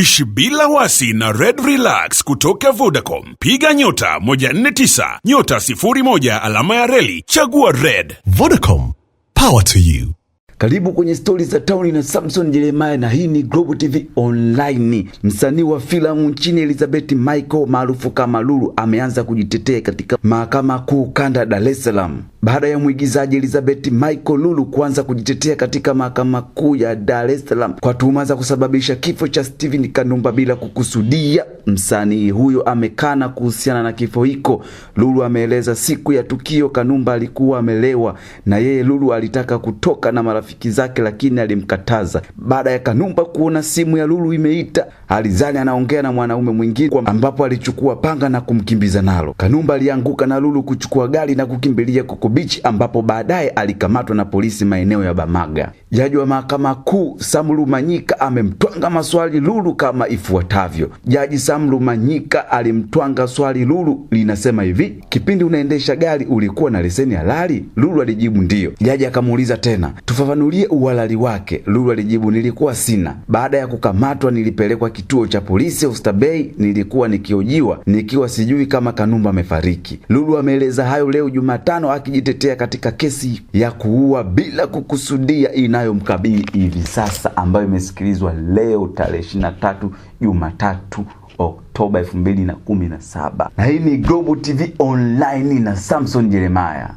Ishi bila wasi na Red Relax kutoka Vodacom. Piga nyota 149 nyota 01 alama ya reli chagua Red. Vodacom, power to you. Karibu kwenye stori za tauni na Samson Jeremiah, na hii ni Global TV Online. Msanii wa filamu nchini Elizabeth Michael maarufu kama Lulu ameanza kujitetea katika mahakama kuu kanda Dar es Salaam baada ya mwigizaji Elizabeth Michael Lulu kuanza kujitetea katika mahakama kuu ya Dar es Salaam kwa tuhuma za kusababisha kifo cha Steven Kanumba bila kukusudia. Msanii huyo amekana kuhusiana na kifo hiko. Lulu ameeleza siku ya tukio Kanumba alikuwa amelewa na yeye Lulu alitaka kutoka na marafiki zake, lakini alimkataza. Baada ya Kanumba kuona simu ya Lulu imeita, alizani anaongea na mwanaume mwingine, ambapo alichukua panga na kumkimbiza nalo. Kanumba alianguka na Lulu kuchukua gari na kukimbilia kukubi Beach ambapo baadaye alikamatwa na polisi maeneo ya Bamaga. Jaji wa Mahakama Kuu Sam Manyika amemtwanga maswali Lulu kama ifuatavyo. Jaji Sam Manyika alimtwanga swali Lulu linasema hivi: kipindi unaendesha gari ulikuwa na leseni halali? Lulu alijibu ndiyo. Jaji akamuuliza tena, tufafanulie uhalali wake. Lulu alijibu nilikuwa sina. Baada ya kukamatwa nilipelekwa kituo cha polisi Bay, nilikuwa nikiojiwa nikiwa sijui kama Kanumba amefariki. Lulu ameeleza hayo leo Jumatano akiji kujitetea katika kesi ya kuua bila kukusudia inayomkabili hivi sasa ambayo imesikilizwa leo tarehe 23 Jumatatu Oktoba 2017 na hii ni Global TV Online na Samson Jeremiah.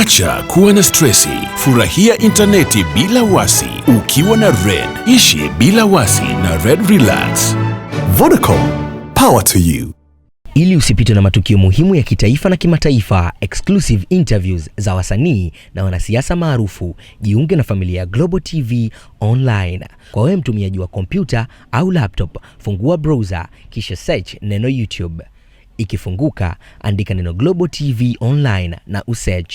Acha kuwa na stresi, furahia intaneti bila wasi ukiwa na Red. Ishi bila wasi na Red Relax. Vodacom, power to you. Ili usipitwe na matukio muhimu ya kitaifa na kimataifa, exclusive interviews za wasanii na wanasiasa maarufu, jiunge na familia ya Global TV Online. Kwa wewe mtumiaji wa kompyuta au laptop, fungua browser kisha search neno YouTube. Ikifunguka, andika neno Global TV Online na usearch.